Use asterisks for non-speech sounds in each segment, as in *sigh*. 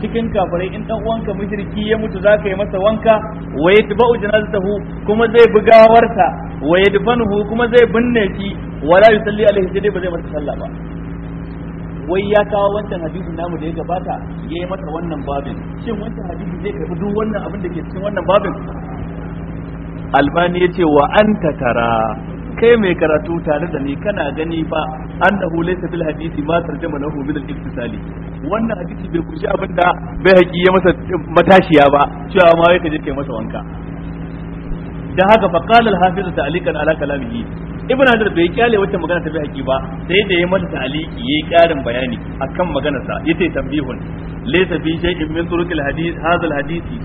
cikin kafirai in dan uwanka mushriki ya mutu zaka yi masa wanka wa yatba'u janazatahu kuma zai bugawarta wa yadfanuhu kuma zai binne shi wala yusalli alaihi sai ba zai masa sallah ba wai ya kawo wancan hadisin namu da ya gabata ya yi masa wannan babin shin wancan hadisi zai karbi duk wannan abin da ke cikin wannan babin albani yace wa anta tara kai mai karatu tare da ni kana gani ba annahu laysa bil hadisi ma tarjama lahu min al-iktisali wannan hadisi bai kushi abinda bai haƙi ya masa matashiya ba cewa ma yake je kai masa wanka da haka fa qala al-hafiz ta'alikan ala kalamihi ibn hadar bai kyale wata magana ta bai haƙi ba sai da ya mata ta'aliki yayi ƙarin bayani akan maganarsa yace tambihun laysa bi shay'in min turuq al-hadith hadha al-hadisi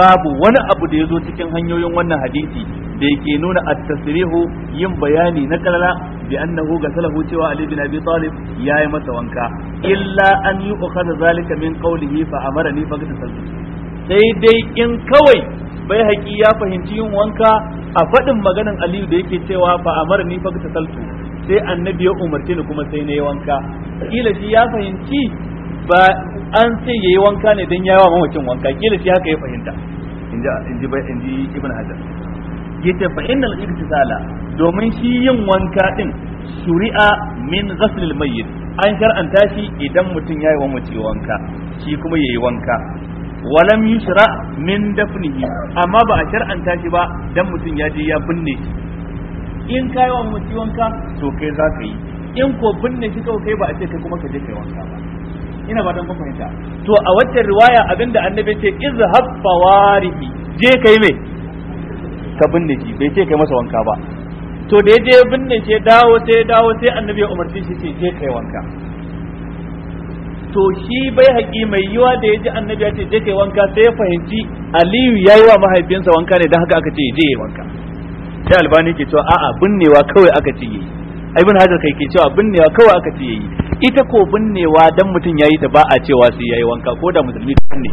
babu wani abu da ya zo cikin hanyoyin wannan hadisi da yake nuna at-tasrihu yin bayani na kalala bi annahu ga salahu cewa Ali bin Abi Talib yayi masa wanka illa an yu'khadha zalika min qawlihi fa amarani fa gatasallu sai dai in kawai bai haƙi ya fahimci yin wanka a faɗin maganan Aliyu da yake cewa fa amarani fa gatasallu sai annabi ya umarce ni kuma sai na yi wanka kila shi ya fahimci ba an ce yayi wanka ne dan yawa mamakin wanka kila shi haka ya fahimta inji inji ibn hajar yace fa innal iktisala domin shi yin wanka din shuri'a min ghaslil mayyit an shar'anta shi idan mutum yayi wa mace wanka shi kuma yayi wanka walam yushra min dafnihi amma ba a shar'anta shi ba dan mutum ya je ya binne shi in kai wa mace wanka to kai za ka yi in ko binne shi kai ba a ce kai kuma ka je kai wanka ba ina ba dan fahimta to a wacce riwaya abinda annabi ce izhab fawarihi je kai mai ka binne shi bai ce kai masa wanka ba to da je binne shi dawo sai dawo sai annabi ya umarci shi ce je kai wanka to shi bai haƙi mai yiwa da ya ji annabi ya ce je kai wanka sai ya fahimci aliyu ya yi wa mahaifinsa wanka ne don haka aka ce je wanka sai albani ke cewa a'a binnewa kawai aka ce yi ibn hajar kai ke cewa binnewa kawai aka ce yi ita ko binnewa dan mutum yayi ta ba a cewa sai yayi wanka ko da musulmi ne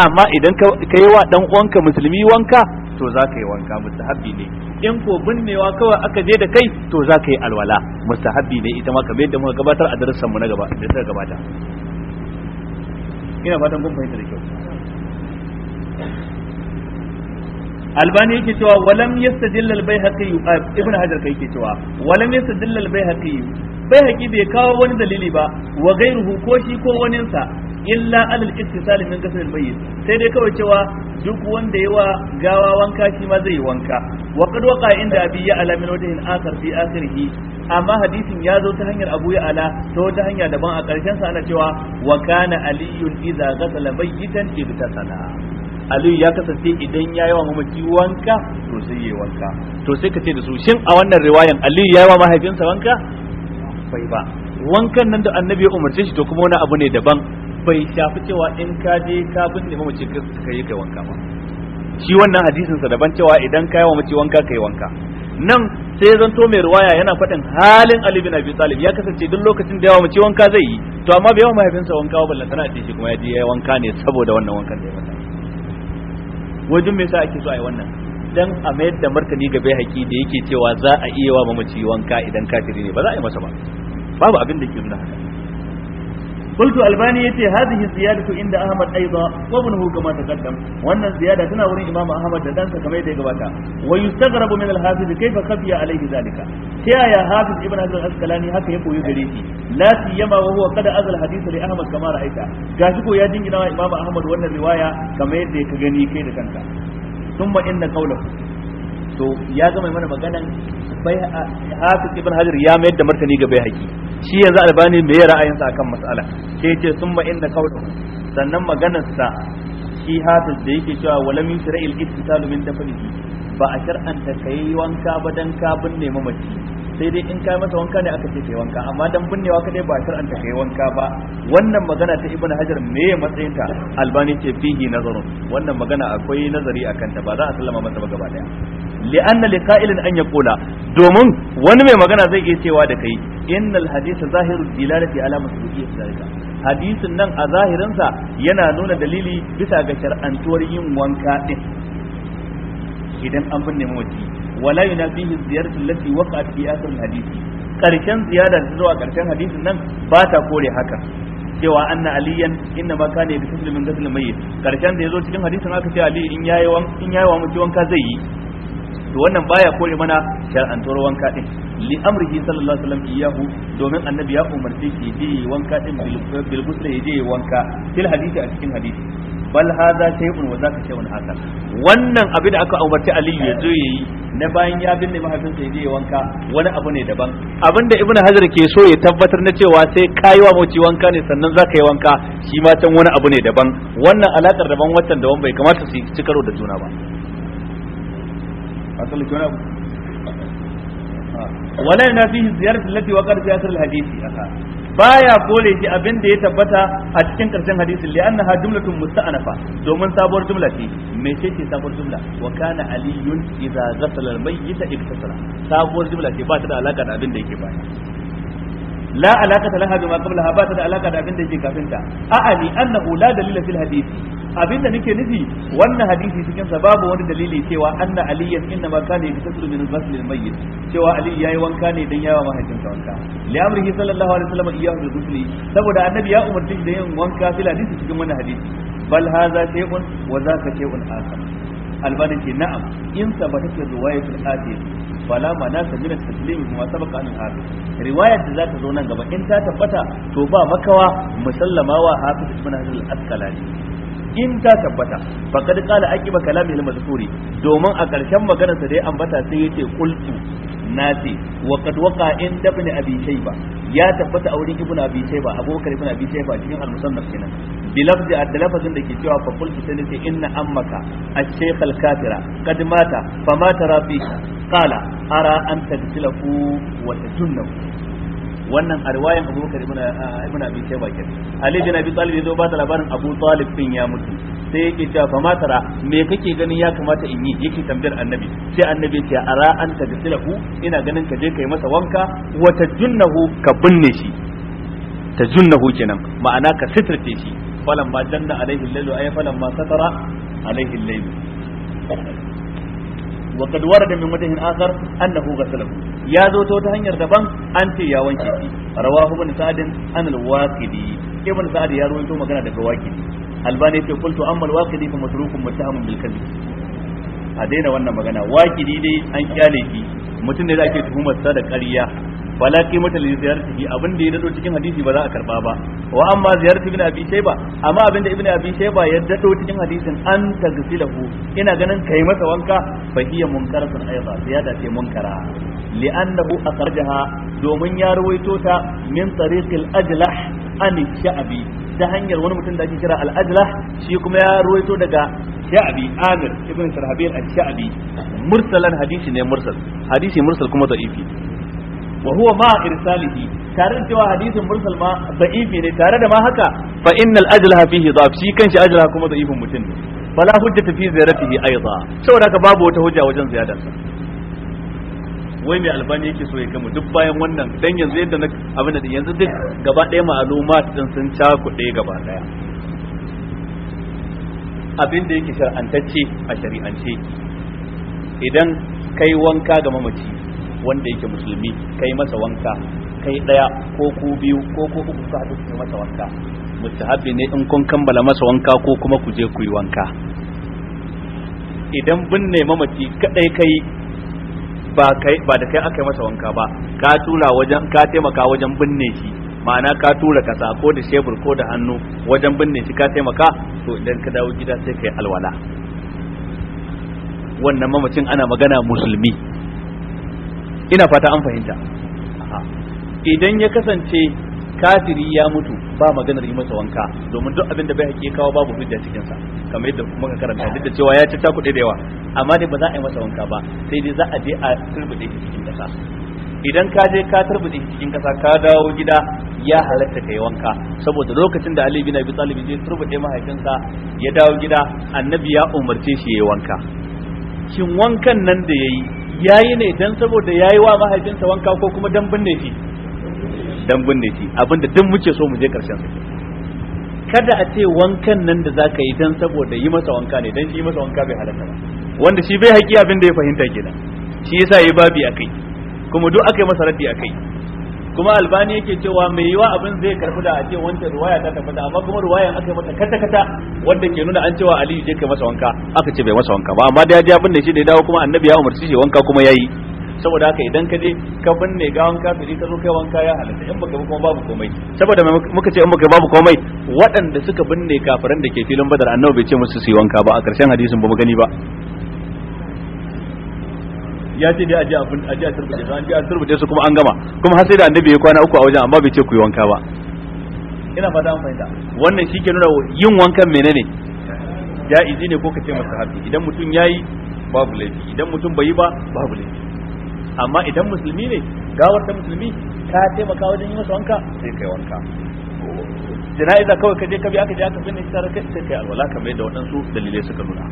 amma idan ka yi wa dan uwanka musulmi wanka to za ka yi wanka mustahabbi ne in ko binnewa kawai aka je da kai to za ka yi alwala mustahabbi ne ita ma kamar yadda muka gabatar a darasin mu na gaba da ta gabata ina fatan kun fahimta da kyau albani yake cewa walam yastadilla al uh, ibn hajar kai yake cewa walam yastadilla al-baihaqi bai kawo wani dalili ba wa gairuhu ko shi ko wani sa illa alal ittisal min kasr al sai dai kawai cewa duk wanda yawa gawa wanka shi ma zai wanka wa qad waqa inda abi ya ala min wajhin akhar fi akhirih amma hadisin ya zo ta hanyar abu ya ala ta wata hanya daban a karshen sa ana cewa wa kana aliyun idza ghasala mayyitan ibtasala aliyu ya kasance idan ya yi wa mamaki wanka to sai yi wanka to sai ka ce da su shin a wannan riwayan aliyu ya yi wa mahaifinsa wanka bai ba wankan nan da annabi ya umarce shi to kuma wani abu ne daban bai shafi cewa in ka je ka binne mamaci ka yi kai wanka ba shi wannan hadisin sa daban cewa idan ka yi wa mace wanka kai wanka nan sai zan to mai riwaya yana faɗin halin Ali bin Abi Talib ya kasance duk lokacin da ya wa mace wanka zai yi to amma bai wa mahaifinsa wanka ba ballantana a ce shi kuma ya je ya wanka ne saboda wannan wankan da ya masa wajen me yasa ake so a yi wannan dan a mayar da martani ga haƙi da yake cewa za a iya wa mamaci wanka idan kafiri ne ba za a yi masa ba babu abin da ke nuna haka قلت الباني يتي هذه زيادة عند أحمد أيضا وابنه كما تقدم وأن الزيادة هنا ورين إمام أحمد دانسا كما يتقباتا ويستغرب من الحافظ كيف خفي عليه ذلك كيا يا حافظ ابن هذا الأسكلاني هكا يبو يجريكي لا سيما وهو قد أذى الحديث لأحمد كما رأيته جاشكو يا دين إمام أحمد وأن الرواية كما يتقني كيدا كنتا ثم إن قوله to ya gama mana maganan bai hafiz ibn hajar ya mayar da martani ga bai haƙi shi yanzu albani me ra'ayinsa akan mas'ala sai ce summa inda qawlu sannan maganarsa shi hafiz da yake cewa min yusra'il ittisalu min dafnihi ba a shar'anta kai wanka ba dan kabin ne mamaci sai dai in kai masa wanka ne aka ce kai wanka amma dan binnewa kadai ba ta kai wanka ba wannan magana ta ibnu hajar me matsayin ta albani ce fihi nazarun wannan magana akwai nazari akan ta ba za a sallama masa ba gaba daya li qa'ilin an yaqula domin wani mai magana zai iya cewa da kai innal hadith zahiru dilalati ala masbuqiyyati zalika hadisin nan a zahirinsa yana nuna dalili bisa ga shar'antuwar yin wanka din idan an binne mamaci wala yunafihi ziyaratu allati waqa'at fi akhir al-hadith karshen ziyada da zuwa karshen hadisin nan ba ta kore haka cewa anna aliyan inna ma kana bi tuslimin ghasl mayyit karshen da yazo cikin hadisin aka ce ali in yayi wan in yayi wa mutum wanka zai yi to wannan baya kore mana shar'an toro wanka din li amrihi sallallahu alaihi wasallam iyahu domin annabi ya umarce shi je wanka din bil ghusl je wanka fil hadisi a cikin hadisi bal hadha shay'un wa zaka shay'un akar wannan abin da aka umarci aliyu ya zo yayi na bayan ya binne mahaifinsa ya je wanka wani abu ne daban abinda ibnu hajar ke so ya tabbatar na cewa sai kai wa mace wanka ne sannan zaka yi wanka shi ma can wani abu ne daban wannan alakar daban watan daban bai kamata su ci karo da juna ba asali ki wani abu wala yana fihi ziyaratu lati waqad fi asr al hadisi baya kore shi abin da ya tabbata a cikin karshen hadisin li annaha jumlatun musta'anafa domin sabuwar jumla ce me ce ce sabuwar jumla wa kana aliyun idza ghasala almayyita iktasara sabuwar jumla ce ba ta da alaka da abin da yake baya qablaha ba ta da alaka da abin da yake kafinta? a أعني Annahu, la dalila fil hadisi. Abin da nake nufi wannan hadisi cikin sa babu wani dalili cewa anna aliyyan inna ma kana yaktasilu min al-ghusl al-mayyit cewa ali yayi wanka ne dan yawa mahaifinsa wanka li amrihi sallallahu alaihi wasallam iyyahu bi ghusli saboda annabi ya umarci da yin wanka fil hadisi cikin wannan hadisi bal hadha shay'un wa zaka shay'un akhar albani ce na'am in sabatake riwayatul hadis fala manasa min at-taslim kuma sabaka an hafiz riwayar da zata zo nan gaba in ta tabbata to ba makawa musallama wa hafiz ibn hajar al-asqalani in ta tabbata faqad aki ba kalamihi al-mazkuri domin a ƙarshen maganar sa da ya ambata sai na ce nasi wa qad waqa inda ibn abi shayba ya tabbata a wurin ibn abi shayba abubakar ibn abi shayba cikin al-musannaf kenan bilafzi ad-lafazin da ke cewa fa qultu sai nace inna ammaka ash-shaykh al-kafira qad mata fa mata rafi qala ara an tadtilafu wa wannan a riwayan Abu Bakar ibn ibn Abi Shayba kenan Ali bin Abi Talib yazo ba da labarin Abu Talib din ya mutu sai yake cewa fa matara me kake ganin ya kamata in yi yake tambayar Annabi sai Annabi ya ce ara anta tasilahu ina ganin ka je kai masa wanka wa tajunnahu ka binne shi tajunnahu kenan ma'ana ka sitirce shi falan ba janna alaihi lailu ay falan ma satara alaihi lailu wa kad warada min wajhin akhar annahu ghasalahu ya zo ta wata hanyar daban an ce ya wanke shi rawahu ibn sa'd an al-waqidi ibn sa'd ya rawaito magana daga waqidi albani ce qultu amma al-waqidi fa matrukun muttahamun bil kadhib a daina wannan magana waqidi dai an kyale shi mutum ne da ake tuhumar sa da ƙarya wala qimata li ziyaratihi abin da ya dado cikin hadisi ba za a karba ba wa amma ziyaratu ibn abi ba, amma abin da ibn abi ba ya dado cikin hadisin an tagsilahu ina ganin kai masa wanka فهي منكرة أيضا زيادة منكرة لأنه أخرجها دومن يا رويتوتا من طريق الأجلح عن الشعبي ta hanyar wani mutum da ake kira al-ajlah shi kuma ya ruwaito daga sha'abi amir ibn sarhabil al sha'abi. mursalan hadisi ne mursal hadisi mursal kuma da'ifi wa huwa ma irsalihi tare da cewa hadisin mursal ma da'ifi ne tare da ma haka fa innal ajlah fihi da'if shi kanshi ajlah kuma da'ifin mutum ne hujja ta fi ziyaratihi aiza saboda ka babu wata hujja wajen ziyarar wai mai albani yake so ya gama duk bayan wannan dan yanzu yadda na abin da yanzu duk gaba ɗaya ma'alumat din sun cakuɗe gaba ɗaya abin da yake shar'antacce a shari'ance idan kai wanka ga mamaci wanda yake musulmi kai masa wanka kai ɗaya ko ku biyu ko ko uku ka haɗu masa wanka mutahabbi ne in kun kammala masa wanka ko kuma ku je ku yi wanka idan binne mamaci kadai kai ba kai ba da kai aka yi masa wanka ba ka tura wajen ka taimaka wajen binne shi ma'ana ka tura kasa ko da shebur ko da hannu wajen binne shi ka taimaka to idan ka dawo gida sai kai alwala wannan mamacin ana magana musulmi ina fata an fahimta idan ya kasance kafiri ya mutu ba maganar yi masa wanka domin duk abin da bai hake kawo babu hujja cikin sa kamar yadda muka karanta duk da cewa ya ci ta kuɗi da yawa amma dai ba za a yi masa wanka ba sai dai za a je a turbude shi cikin ƙasa idan ka je ka turbude shi cikin ƙasa ka dawo gida ya halatta kai wanka saboda lokacin da Ali bin Abi Talib je turbude mahaifinsa ya dawo gida annabi ya umarce shi yi wanka shin wankan nan da yayi yayi ne dan saboda yayi wa mahaifinsa wanka ko kuma dan binne shi dan binne shi abinda duk muke so mu je karshen sa kada a ce wankan nan da zaka yi dan saboda yi masa wanka ne dan shi masa wanka bai halatta ba wanda shi bai haƙi abin da ya fahimta kenan shi yasa yayi babi akai kuma duk akai masa raddi akai kuma albani yake cewa mai yiwa abin zai karbu da a ce wancan ruwaya ta tabbata amma kuma ruwayan aka mata kata kata wanda ke nuna an cewa aliyu je kai masa wanka aka ce bai masa wanka ba amma da ya ji abin da shi da ya dawo kuma annabi ya umarci shi wanka kuma yayi saboda haka idan ka je ka binne gawan kafiri ka zo kai wanka ya halatta in baka kuma babu komai saboda muka ce in baka babu komai waɗanda suka binne kafiran da ke filin badar annabi bai ce musu su yi wanka ba a ƙarshen hadisin ba gani ba ya ce dai aje aje a turbuje su an je a turbuje su kuma an gama kuma har sai da annabi ya kwana uku a wajen amma bai ce ku yi wanka ba ina fata an fahimta wannan shi ke nuna yin wankan menene ja'izi ne ko ka ce masa hafi idan mutum ya yi babu laifi idan mutum bai yi ba babu laifi amma idan musulmi ne gawar ta musulmi ka taimaka wajen yi masa wanka sai kai wanka jana'iza kawai ka je ka bi aka je aka binne shi tare kai kai alwala kamar yadda waɗansu dalilai suka nuna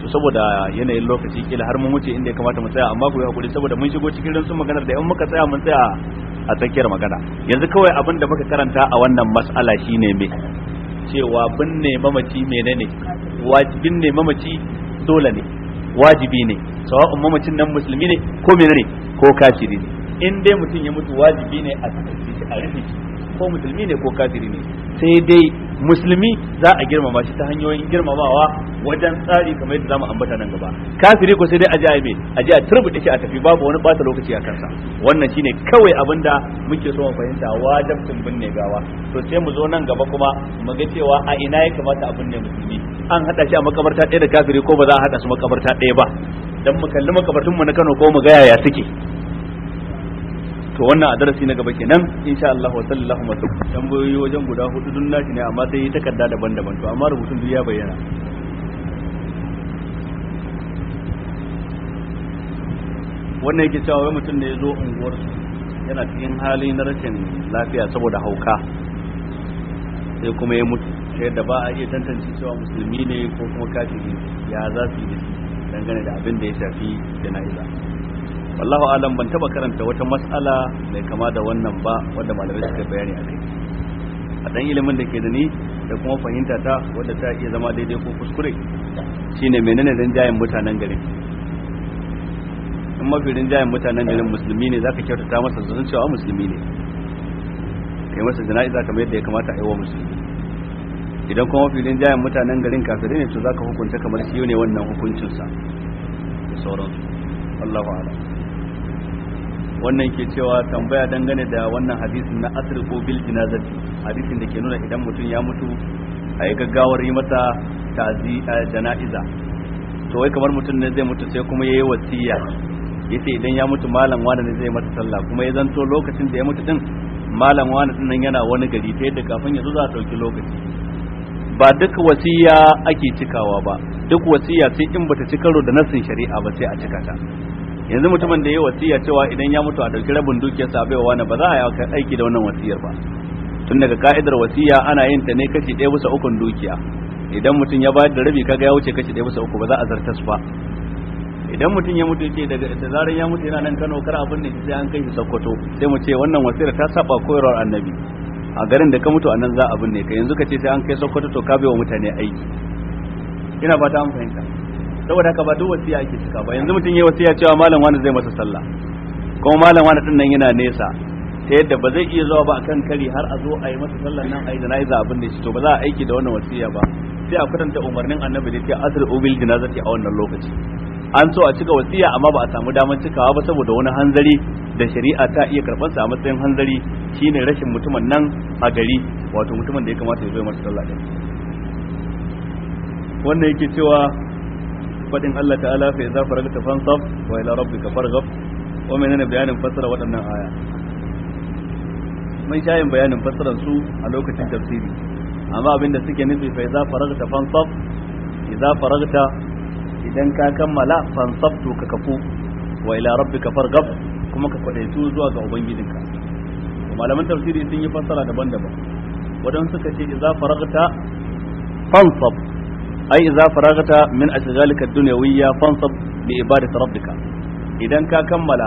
to saboda yanayin lokaci kila har mun wuce inda ya kamata mu tsaya amma ku yi hakuri saboda mun shigo cikin rinsun maganar da 'yan muka tsaya mun tsaya a tsakiyar magana yanzu kawai abin da muka karanta a wannan mas'ala shine me cewa binne mamaci menene wajibin ne mamaci dole ne wajibi ne sawa'un mamacin nan musulmi ne ko menene ko kafiri ne in dai mutum ya mutu wajibi ne a tsakaci shi a rufe ko musulmi ne ko kafiri ne sai dai musulmi za a girmama shi ta hanyoyin girmamawa wajen tsari kamar yadda zamu ambata nan gaba kafiri ko sai dai a ji a me a ji a shi a tafi babu wani bata lokaci a kansa wannan shine kawai abin da muke so mu fahimta wajibcin binne gawa to sai mu zo nan gaba kuma mu ga cewa a ina ya kamata a binne musulmi an hada shi a makabarta ɗaya da kafiri ko ba za a hada su makabarta ɗaya ba dan mu kalli makabartun mu na Kano ko mu ga yaya suke to wannan a darasi na gaba kenan insha Allah wa sallallahu alaihi sallam tambayoyi wajen guda hudu dun nashi ne amma sai takarda daban-daban to amma rubutun duk ya bayyana wannan yake cewa wai mutum ne ya zo unguwar yana cikin hali na rashin lafiya saboda hauka sai kuma ya mutu sai da ba a iya tantance cewa musulmi ne ko kuma kafiri ya za su yi dangane da abin da ya shafi jana'iza wallahu alam ban taba karanta wata mas'ala mai kama da wannan ba wanda malamai suka bayani a kai a dan ilimin da ke da ni da kuma fahimta ta wadda ta iya zama daidai ko kuskure shine menene rinjayen mutanen garin in mafi rinjayen mutanen garin musulmi ne zaka kyautata masa zan cewa musulmi ne kai masa jana'iza kamar yadda ya kamata a yi wa musulmi idan kuma mafi rinjayen mutanen garin kafirai ne to zaka hukunta kamar shi ne wannan hukuncinsa da sauransu Allahu a'lam wannan ke cewa tambaya dangane da wannan hadisin na asir ko bil jinazati hadisin da ke nuna idan mutum ya mutu a yi gaggawar yi masa tazi jana'iza to wai kamar mutum ne zai mutu sai kuma yayi wasiya yace idan ya mutu malam wani ne zai mata sallah kuma ya zanto lokacin da ya mutu din malam wani din nan yana wani gari ta yadda kafin ya zo za a dauki lokaci ba duk wasiya ake cikawa ba duk wasiya sai in bata ci karo da nassin shari'a ba sai a cika ta yanzu mutumin da ya wasiya cewa idan ya mutu a ɗauki rabin dukiyar sa bai wani ba za a yi aiki da wannan wasiyar ba tun daga ka'idar wasiya ana yin ta ne kashi ɗaya bisa ukun dukiya idan mutum ya bayar da rabi kaga ya wuce kashi ɗaya bisa uku ba za a zartas ba idan mutum ya mutu ce daga da zarar ya mutu yana nan Kano kar abin da sai an kai shi Sokoto sai mu ce wannan wasiyar ta saba koyarwar annabi a garin da ka mutu anan za abin ne ka yanzu ka ce sai an kai Sokoto to ka bai wa mutane aiki ina fata an fahimta saboda haka ba duk wasiya ake cika ba yanzu mutum ya wasiya cewa malam wani zai masa sallah kuma malam wani din nan yana nesa ta yadda ba zai iya zuwa ba akan kari har a zo a yi masa sallah nan a yi jana'iza abin da shi to ba za a aiki da wannan wasiya ba sai a kwatanta umarnin annabi da ke asir ubil janazati a wannan lokaci an so a cika wasiya amma ba a samu damar cikawa ba saboda wani hanzari da shari'a ta iya karɓar sa a matsayin hanzari shine rashin mutumin nan a gari wato mutumin da ya kamata ya zo masa sallah din wannan yake cewa fadin Allah ta'ala fa idza faragta fansab wa ila rabbika farghab wa menene bayanin fassara waɗannan aya mun shayin bayanin fassaran su a lokacin tafsiri amma abinda suke nufi fa idza faragta fansab idza faragta idan ka kammala fansab to ka kafu wa ila rabbika farghab kuma ka kwadaitu zuwa ga ubangijinka malaman tafsiri sun yi fassara daban-daban wadan suka ce idza faragta fansab ai idza faragata min ashghalika dunyawiyya fansab bi ibadati rabbika idan ka kammala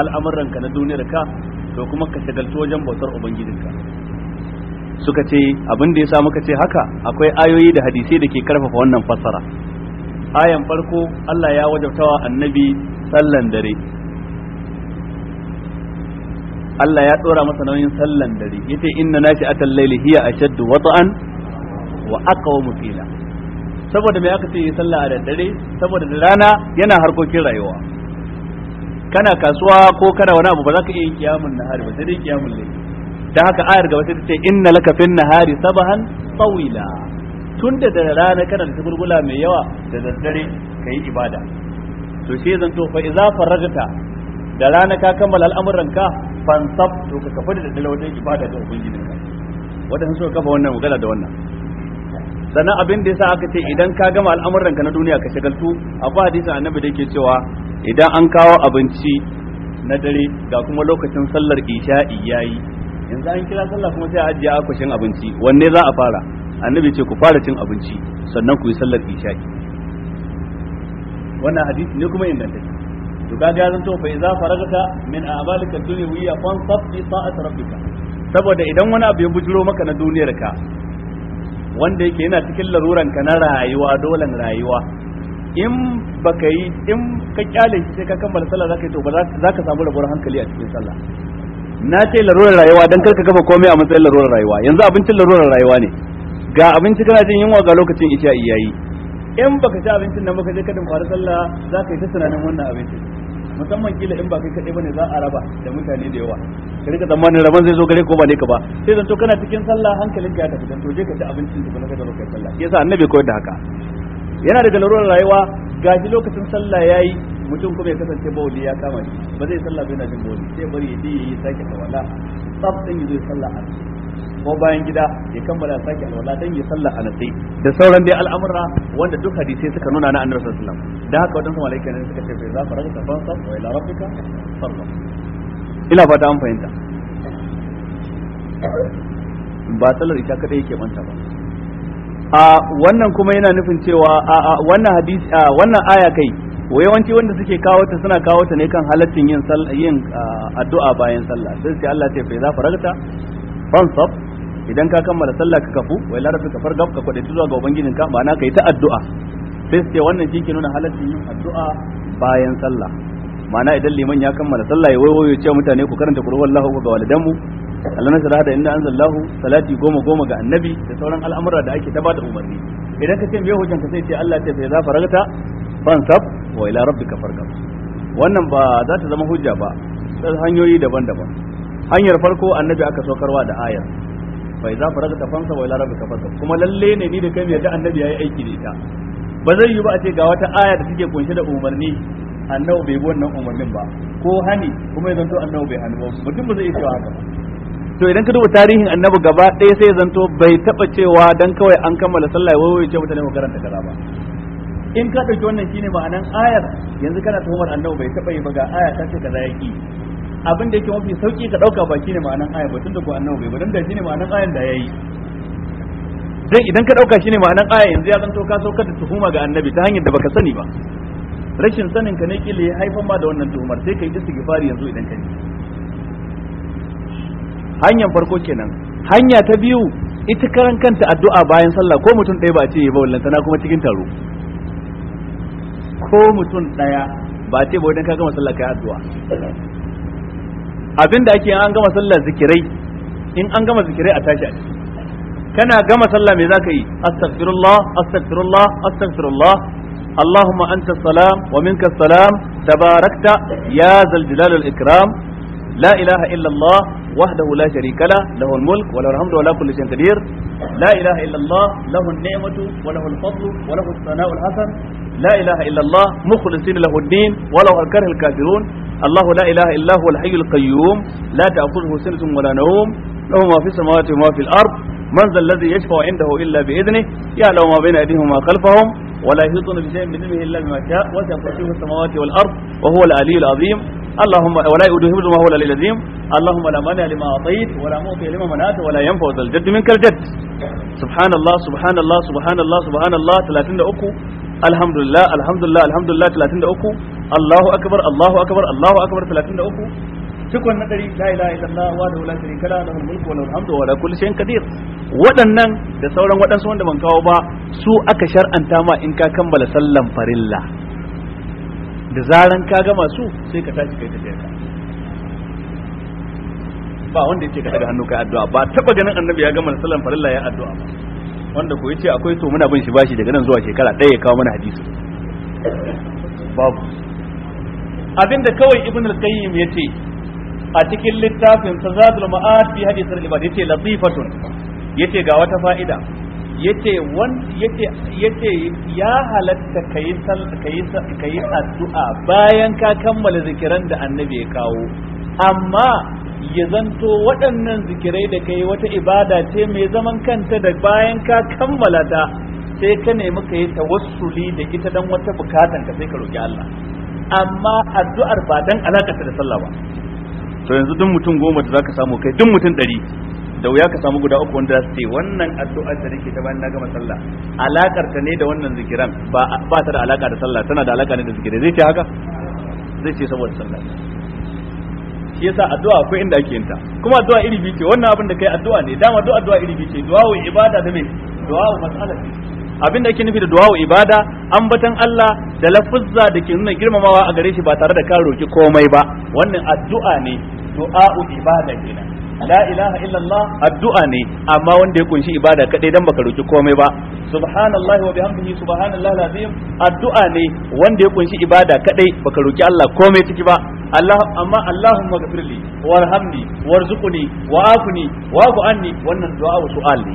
al'amuranka na duniyar ka to kuma ka shagaltu wajen bautar ubangijinka suka ce abin da yasa ka ce haka akwai ayoyi da hadisai da ke karfafa wannan fassara ayan farko Allah ya wajabtawa annabi sallan dare Allah ya dora masa nauyin sallan dare yace inna nashi atal layli hiya ashaddu wata'an wa mu fila?" saboda mai aka ce yi sallah a daddare saboda da rana yana harkokin rayuwa kana kasuwa ko kana wani abu ba za ka iya yin kiyamun nahari ba sai dai kiyamun laifi da haka ayar gaba sai ta ce inna laka fin hari sabahan tsawila tun da da rana kana da tagulgula mai yawa da daddare ka yi ibada to zan to fa iza faragta da rana ka kammala al'amuranka fansab to ka kafa da daddare wajen ibada ga ubangijinka wadannan suka kafa wannan magana da wannan sannan abin da yasa aka ce idan ka gama al'amuran ka na duniya ka shagaltu akwai hadisin annabi da yake cewa idan an kawo abinci na dare ga kuma lokacin sallar isha'i yayi yanzu an kira sallah kuma sai a ajiye abinci wanne za a fara annabi ce ku fara cin abinci sannan ku yi sallar isha'i wannan hadisi ne kuma ingantacce to ga ya zanto fa idza faragta min a'malika dunyawiyya fansab fi sa'at rabbika saboda idan wani abu ya bujuro maka na duniyarka. wanda yake yana cikin laruran ka na rayuwa dolan rayuwa in baka yi in ka kyale shi sai ka kammala sallah zaka yi to ba za ka samu rabuwar hankali a cikin sallah na ce larurar rayuwa dan karka gaba komai a matsayin larurar rayuwa yanzu abincin larurar rayuwa ne ga abinci kana jin yunwa ga lokacin isha'i iyayi in baka ci abincin nan baka je kadin kwara sallah zaka yi ta tunanin wannan abincin musamman kila in ba kai kadai bane za a raba da mutane da yawa ka rika zamanin raban zai zo gare ko ba ne ka ba sai zanto kana cikin sallah ka ya tafi dan to je ka ci abincin da ka kai sallah yasa annabi koyar da haka yana da larurar rayuwa gashi lokacin sallah yayi mutum kuma ya kasance bawli ya kama shi ba zai sallah bai na jin bawli sai bari ya je yi sake tawala tsaf din yi zai sallah a ko bayan gida ya kammala ya sake alwala dan ya sallah a nasai da sauran dai al'amura wanda duk hadisai suka nuna na annabi sallallahu alaihi wasallam da haka wadansu malaikai ne suka ce bai za fara ka fansa wa ila rabbika farda ina fata an fahimta ba sallar isha kadai yake manta ba a wannan kuma yana nufin cewa a wannan hadisi a wannan aya kai yawanci wanda suke kawo ta suna kawo ta ne kan halaccin yin yin addu'a bayan sallah sai sai Allah ya ce fa za faragta fansab idan ka kammala sallah ka kafu wai la kafar fargab ka kwadaitu zuwa ga ubangijin ka ma'ana kai ta addu'a sai su ce wannan shi ke nuna halaccin yin addu'a bayan sallah ma'ana idan liman ya kammala sallah ya waiwayo ce mutane ku karanta qul huwallahu ga walidanmu Allah na sarada inda anzalallahu salati goma goma ga annabi da sauran al'amura da ake tabata umarni idan ka ce me hujjan ka sai ce Allah ce sai za faragata fansab wa ila rabbika fargab wannan ba za ta zama hujja ba hanyoyi daban-daban hanyar farko annabi aka saukarwa da ayar bai za fara ta fansa bai larabi ka fasa kuma lalle ne ni da kai yadda annabi yayi aiki da ita ba zai yi ba a ce ga wata aya da take kunshe da umarni annabi bai bi wannan umarnin ba ko hani kuma yanzu zanto annabi bai hani ba mutum ba zai iya cewa haka to idan ka duba tarihin annabi gaba ɗaya sai zanto bai taɓa cewa dan kawai an kammala sallah wai wai ce mutane ku karanta kaza ba in ka dauki wannan shine ma'anan ayar yanzu kana tuhumar annabi bai taɓa yi ba ga aya ta ce kaza yake abin da yake mafi sauki ka dauka baki ne ma'anan ayan ba da ku annabi bai ba dan da shine ma'anan ayan da yayi dan idan ka dauka shine ma'anan ayan yanzu ya zanto ka saukar da tuhuma ga annabi ta hanyar da baka sani ba rashin sanin ka ne kile ya haifar ma da wannan tuhumar sai kai istighfari yanzu idan ka ji hanyar farko kenan hanya ta biyu ita karan kanta addu'a bayan sallah ko mutum ɗaya ba ce ba wallan tana kuma cikin taro ko mutum ɗaya ba ce ba wajen ka gama sallah kai addu'a abinda ake an gama sallah zikirai in an gama zikirai a tashi a ciki kana gama sallah me zaka yi astaghfirullah astaghfirullah astaghfirullah اللهم أنت السلام ومنك السلام تباركت يا ذا الجلال والإكرام لا إله إلا الله وحده لا شريك له له الملك وله الحمد وله كل شيء قدير لا إله إلا الله له النعمة وله الفضل وله الثناء الحسن لا إله إلا الله مخلصين له الدين ولو الكره الكافرون الله لا إله إلا هو الحي القيوم لا تأخذه سنة ولا نوم له ما في السماوات وما في الأرض من ذا الذي يشفع عنده إلا بإذنه يعلم ما بين أيديهم وما خلفهم ولا يحيطون بشيء من علمه إلا بما شاء وسع كرسيه السماوات والأرض وهو العلي العظيم اللهم ولا يدهب ما هو للذيم اللهم لا مانع لما اعطيت ولا معطي لما منعت ولا ينفع ذا الجد منك الجد سبحان الله سبحان الله سبحان الله سبحان الله 33 الحمد لله الحمد لله الحمد لله 33 الله اكبر الله اكبر الله اكبر 33 cikon na ɗari la ilaha illallah wa da wulatari kala da mulku wa lahu alhamdu wa la kulli shay'in qadir waɗannan da sauran waɗansu wanda ban kawo ba su aka shar'anta ma in ka kammala sallan farilla da zaran ka gama su sai ka tashi kai tafiyar ka ba wanda yake ka daga hannu kai addu'a ba taba ganin annabi ya gama sallan farilla ya addu'a ba wanda ko yace akwai to muna bin shi bashi daga nan zuwa shekara ɗaya ya kawo mana hadisi babu abinda kawai ibn al-qayyim yace a cikin littafin tazadul ma'ad fi hadith al-ibad yace latifatun yace ga wata fa'ida yace wan yace yace ya halatta kai sal kai kai addu'a bayan ka kammala zikiran da annabi ya kawo amma ya zanto waɗannan zikirai da kai wata ibada ce mai zaman kanta da bayan ka kammala ta sai ka nemi ka yi tawassuli da ita dan wata bukatan ka sai ka roki Allah amma addu'ar ba dan alaka da sallah ba to yanzu duk mutum goma da zaka samu kai duk mutum ɗari da wuya ka samu guda uku wanda za su ce wannan addu'a da nake ta bayan na gama sallah alakar ta ne da wannan zikiran ba ba ta da alaka da sallah tana da alaka ne da zikirai zai ce haka zai ce saboda sallah shi yasa addu'a akwai inda ake yin ta kuma addu'a iri biyu ce wannan abin da kai addu'a ne dama duk addu'a iri biyu ce du'a wa ibada da me du'a wa mas'ala abin da ake nufi da du'a wa ibada ambatan Allah da lafuzza da ke nuna girmamawa a gare shi ba tare da ka roki komai ba wannan addu'a ne du'a wa ibada kenan la ilaha illallah addu'a ne amma wanda ya kunshi ibada kadai dan baka roki komai ba subhanallahi wa bihamdihi subhanallahi alazim addu'a ne wanda ya kunshi ibada kadai baka roki Allah komai ciki ba Allah amma Allahumma ghfirli warhamni warzuqni wa'afni wa'fu anni wannan du'a wa su'al ne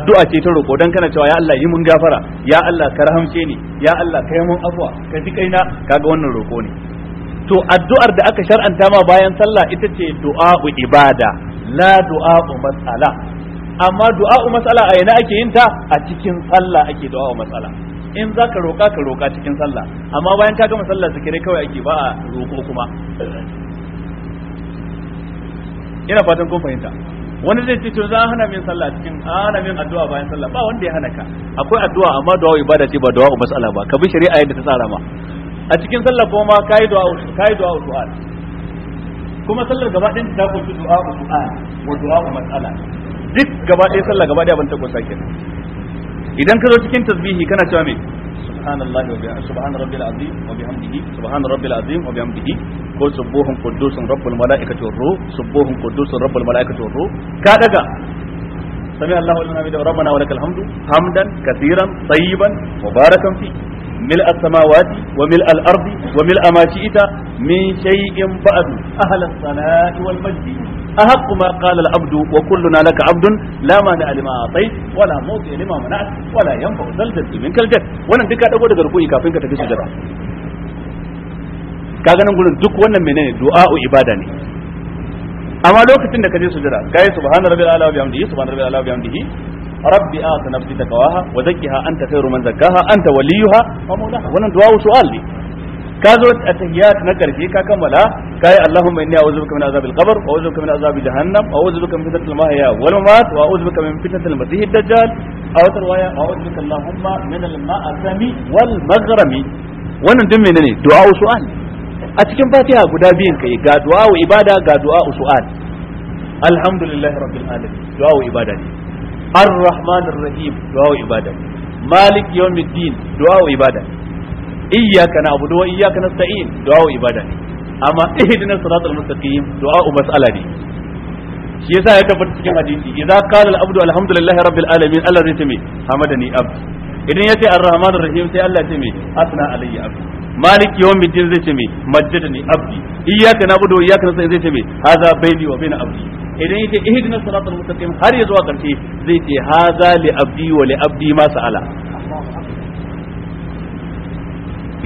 addu'a ce ta roƙo dan kana cewa ya Allah yi mun gafara ya Allah ka rahamce ni ya Allah ka yi mun afwa ka ji kaina kaga wannan roko ne to addu'ar da aka shar'anta ma bayan sallah ita ce du'a ibada la du'a'u mas'ala amma du'a'u mas'ala a yana ake yin ta a cikin sallah ake du'a'u mas'ala in za ka roƙa ka roƙa cikin sallah amma bayan ka gama sallah zikirai kawai ake ba a roƙo kuma ina fatan kun fahimta wani zai ce to za hana min sallah cikin hana min addu'a bayan sallah ba wanda ya hana ka akwai addu'a amma du'a ibada ce ba du'a mas'ala ba ka bi shari'a yadda ta tsara ma a cikin sallah kuma ma kai du'a kai du'a su'al kuma sallar gaba ɗayan ta kunshi du'a du'a wa du'a mas'ala duk gaba ɗaya sallar gaba ɗaya ban ta kusa kenan idan ka zo cikin tasbihi kana cewa me subhanallah wa bihamdihi subhan rabbil azim wa bihamdihi subhan rabbil azim wa bihamdihi ko subuhun qudusun rabbul malaikati war ruh subuhun qudusun rabbul malaikati war ruh ka daga sami Allahu lana bi rabbana wa lakal hamdu hamdan katiran tayyiban mubarakan fi ملء السماوات وملء الأرض وملء ما شئت min shay'in ba'du ahla as-salati أحق ما قال العبد وكلنا لك عبد لا مانع لما أعطيت ولا موطئ لما منعت ولا ينفع ذا منك الجد wannan duka dago daga rukuni kafin ka tafi sujada ka ganin gurin duk wannan menene du'a'u ibada ne A lokacin da ka je sujada kai subhana rabbil ala wa bihamdihi subhana rabbil ala wa bihamdihi rabbi a'ti nafsi taqwaha wa zakkiha anta khairu man zakkaha anta wannan ne ka zo a tahiyat na karshe ka kammala kai Allahumma inni a'udhu bika min azabil qabr wa a'udhu bika min azabi jahannam wa a'udhu bika min fitnatil mahya wal mamat wa a'udhu bika min fitnatil masiih dajjal aw tarwaya a'udhu bika Allahumma min al ma'asami wal maghrami wannan duk menene du'a su'al a cikin Fatiha guda biyun kai ga du'a ibada ga du'a su'al alhamdulillahi rabbil alamin du'a ibada ne ar-rahmanir rahim du'a ibada malik yawmiddin du'a ibada ne iyyaka na'budu wa iyyaka nasta'in du'a ibada ne amma ihdinas siratal mustaqim du'a mas'ala ne shi yasa ya tabbata cikin hadisi idza qala al-abdu alhamdulillahi rabbil alamin Allah zai tame hamadani abd idan yace ar-rahman ar-rahim sai Allah tame asna alayya abd malik yawmiddin zai tame majjadani abdi iyyaka na'budu wa iyyaka nasta'in zai tame hadha baini wa baina abdi idan yace ihdina siratal mustaqim har ya zuwa karshe zai ce haza li abdi wa li abdi ma sa'ala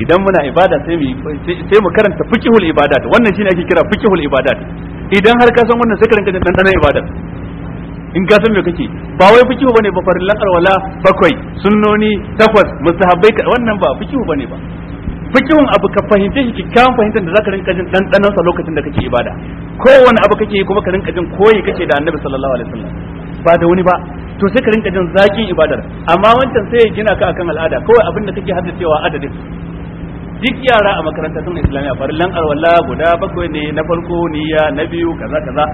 idan muna ibada sai mu sai mu karanta fiqhul ibadat wannan shine ake kira fiqhul ibadat idan har ka san wannan sai ka rinka dan dan ibadat in ka san me kake ba wai fiqhu bane ba farillan wala bakwai sunnoni takwas mustahabbai wannan ba fiqhu bane ba fikihun abu ka fahimce shi kikkiawan fahimtar da zaka rinka jin dandanan sa lokacin da kake ibada kowane abu kake yi kuma ka rinka jin koyi kake da annabi sallallahu alaihi wasallam ba da wani ba to sai ka rinka jin zakin ibadar amma wancan sai ya gina ka akan al'ada kawai abin da kake haddacewa adadin duk yara a makaranta sun islamiyya farillan walla guda bakwai ne na farko niyya na biyu kaza kaza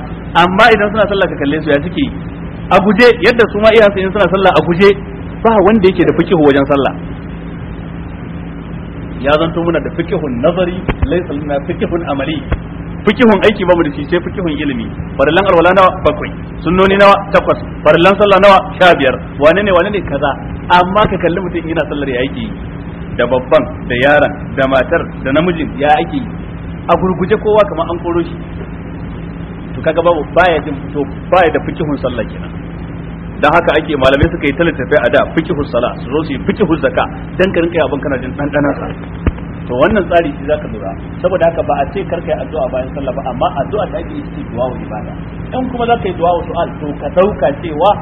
amma idan suna sallah ka kalle su ya suke a guje yadda su ma iya sun suna sallah a guje ba wanda yake da fikihu wajen sallah ya zanto muna da fikihun nazari laysa lana fikihun amali fikihun aiki ba mu da shi sai fikihun ilimi Farin farillan walla nawa bakwai sunnoni nawa takwas lan sallah nawa sha biyar wane ne wane ne kaza amma ka kalli mutum yana sallar ya yake da babban da yaran da matar da namijin ya ake a gurguje kowa kamar an koro shi to kaga babu baya jin to baya da fikihun sallah kenan dan haka ake malamai suka yi talittafi a da fikihun sallah su zo su yi fikihun zakka dan ka rinka abin kana jin dana sa to wannan tsari shi zaka lura saboda haka ba a ce kar yi addu'a bayan sallah ba amma addu'a ta ake yi du'a wa ibada dan kuma zaka yi du'a wa su'al to ka dauka cewa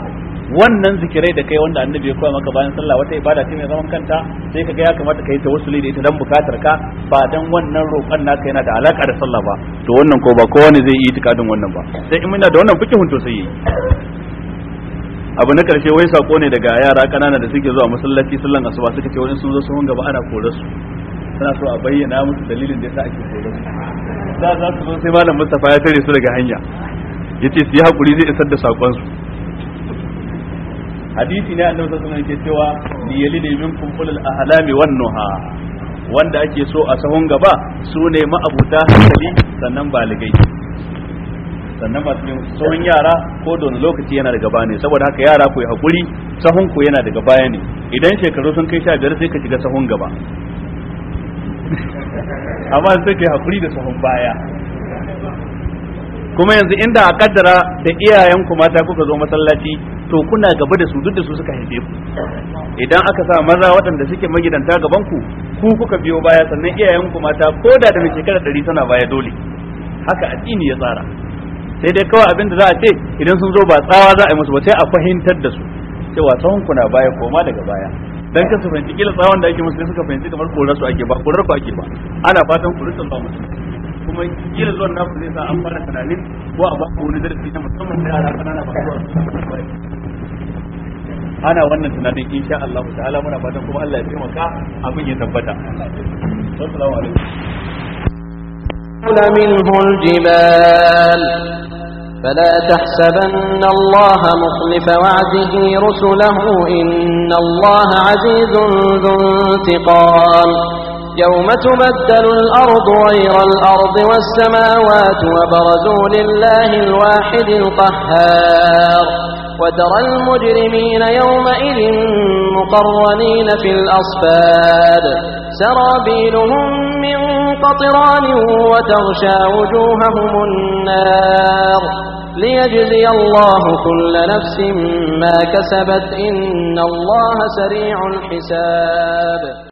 wannan zikirai da kai wanda annabi ya koya maka bayan sallah wata ibada ce mai zaman kanta sai kaga ya kamata kai tawassuli da ita dan bukatar ka ba dan wannan roƙon naka yana da alaka da sallah ba to wannan ko ba kowane zai yi itikadin wannan ba sai in muna da wannan fiki hunto sai yi abu na karshe wai sako ne daga yara kanana da suke zuwa masallaci sallan asuba suka ce wani sun zo sun gaba ana kore su suna so a bayyana musu dalilin da yasa ake kore su za su zo sai malam Mustafa ya tare su daga hanya yace su yi hakuri zai isar da sakon su hadisi ne annabi sallallahu alaihi wasallam yake cewa ne min minkum ulul ahlami wan nuha wanda ake so a sahun gaba su ne ma'abuta hankali sannan baligai sannan masu yin sahun yara ko don lokaci yana daga baya ne saboda haka yara ku yi hakuri sahun ku yana daga baya ne idan shekaru sun kai sha biyar sai ka shiga sahun gaba *laughs* amma sai ka yi hakuri da sahun baya kuma yanzu inda a kaddara da iyayen ku mata kuka zo masallaci to kuna gaba da su duk da su suka haife ku idan aka sa maza waɗanda suke magidanta gaban ku ku kuka biyo baya sannan iyayen ku mata ko da da shekara ɗari tana baya dole haka addini ya tsara sai dai kawai abinda za a ce idan sun zo ba tsawa za a yi musu ba sai a fahimtar da su cewa tsawon ku baya koma daga baya dan kasu fahimci kila tsawon da ake musu suka fahimci kamar korar su ake ba korar ku ake ba ana fatan ku rutsun ba musu kuma kila zuwan nasu zai sa an fara tunanin ko a baku wani darasi na musamman da yara kanana ba zuwa ana wannan tunanin insha Allah ta'ala muna fatan kuma Allah ya taimaka abin ya tabbata assalamu alaikum منه الجبال فلا تحسبن الله مخلف وعده رسله إن الله عزيز ذو انتقام يوم تبدل الأرض غير الأرض والسماوات وبرزوا لله الواحد القهار وترى المجرمين يومئذ مقرنين في الأصفاد سرابيلهم من قطران وتغشى وجوههم النار ليجزي الله كل نفس ما كسبت إن الله سريع الحساب